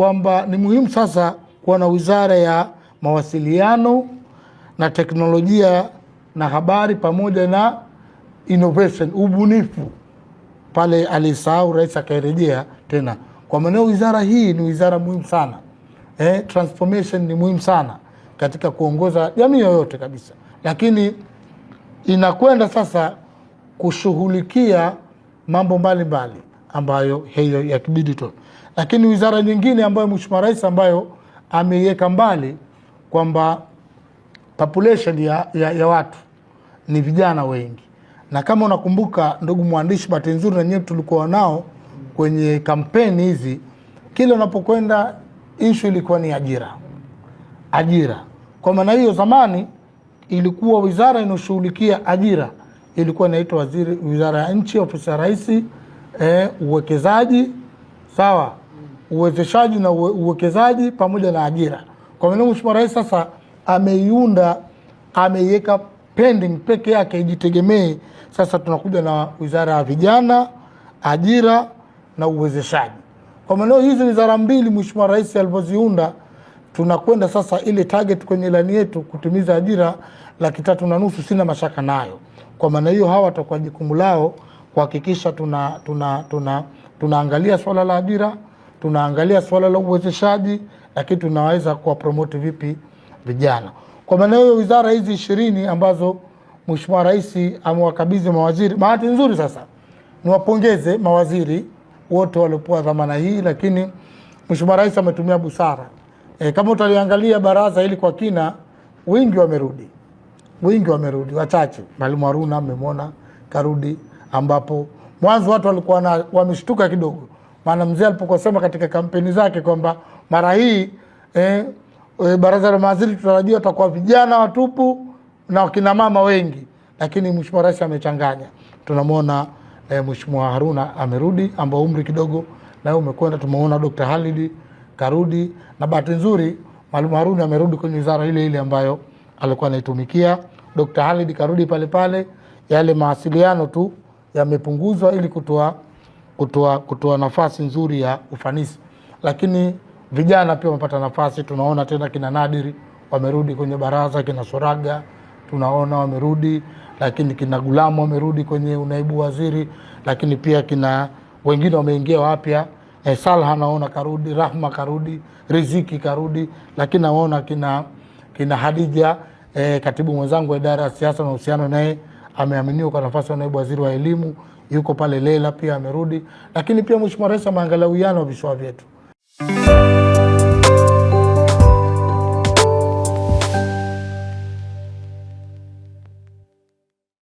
kwamba ni muhimu sasa kuwa na wizara ya mawasiliano na teknolojia na habari pamoja na innovation, ubunifu. Pale alisahau rais, akairejea tena. Kwa maana wizara hii ni wizara muhimu sana eh, transformation ni muhimu sana katika kuongoza jamii yoyote kabisa, lakini inakwenda sasa kushughulikia mambo mbalimbali ambayo hiyo yakibidi tu lakini wizara nyingine ambayo Mheshimiwa Rais ambayo ameiweka mbali kwamba population ya, ya, ya watu ni vijana wengi, na kama unakumbuka ndugu mwandishi, bahati nzuri na nyewe tulikuwa nao kwenye kampeni hizi, kila unapokwenda ishu ilikuwa ni ajira, ajira. Kwa maana hiyo zamani ilikuwa wizara inayoshughulikia ajira ilikuwa inaitwa wizara ya nchi ofisi ya rais, eh, uwekezaji sawa uwezeshaji na uwekezaji pamoja na ajira. Kwa maana Mheshimiwa Rais sasa ameiunda, ameiweka pending peke yake ijitegemee. Sasa tunakuja na wizara ya vijana, ajira na uwezeshaji. Kwa maana hizi wizara mbili Mheshimiwa Rais alivyoziunda, tunakwenda sasa ile target kwenye ilani yetu kutimiza ajira laki tatu na nusu, sina mashaka nayo. Kwa maana hiyo hawa watakuwa jukumu lao kuhakikisha tuna, tuna, tuna, tunaangalia swala la ajira tunaangalia swala la uwezeshaji, lakini tunaweza kuwapromoti vipi vijana. Kwa maana hiyo wizara hizi ishirini ambazo Mheshimiwa Rais amewakabidhi mawaziri, bahati nzuri sasa niwapongeze mawaziri wote waliopewa dhamana hii, lakini Mheshimiwa Rais ametumia busara e, kama utaliangalia baraza hili kwa kina, wingi wamerudi, wingi wamerudi wachache. Mwalimu Haruna mmemwona karudi, ambapo mwanzo watu walikuwa wameshtuka kidogo maana mzee alipokosema katika kampeni zake kwamba mara hii eh, eh, baraza la mawaziri tutarajia watakuwa vijana watupu na wakina mama wengi, lakini mheshimiwa rais amechanganya. Tunamwona eh, mheshimiwa Haruna amerudi, ambao umri kidogo na umekwenda. Tumeona Dr. Halid karudi, na bahati nzuri mwalimu Haruna amerudi kwenye wizara ile ile ambayo alikuwa anaitumikia. Dr. Halid karudi pale pale, yale mawasiliano tu yamepunguzwa ili kutoa kutoa kutoa nafasi nzuri ya ufanisi, lakini vijana pia wamepata nafasi. Tunaona tena kina Nadiri wamerudi kwenye baraza, kina Soraga tunaona wamerudi, lakini kina Gulamu wamerudi kwenye unaibu waziri, lakini pia kina wengine wameingia wapya. Eh, Salha naona karudi, Rahma karudi, Riziki karudi, lakini naona kina kina Hadija eh, katibu mwenzangu wa idara ya siasa na uhusiano naye ameaminiwa kwa nafasi ya naibu waziri wa elimu, yuko pale Lela pia amerudi, lakini pia mheshimiwa rais ameangalia uwiano wa visiwa vyetu.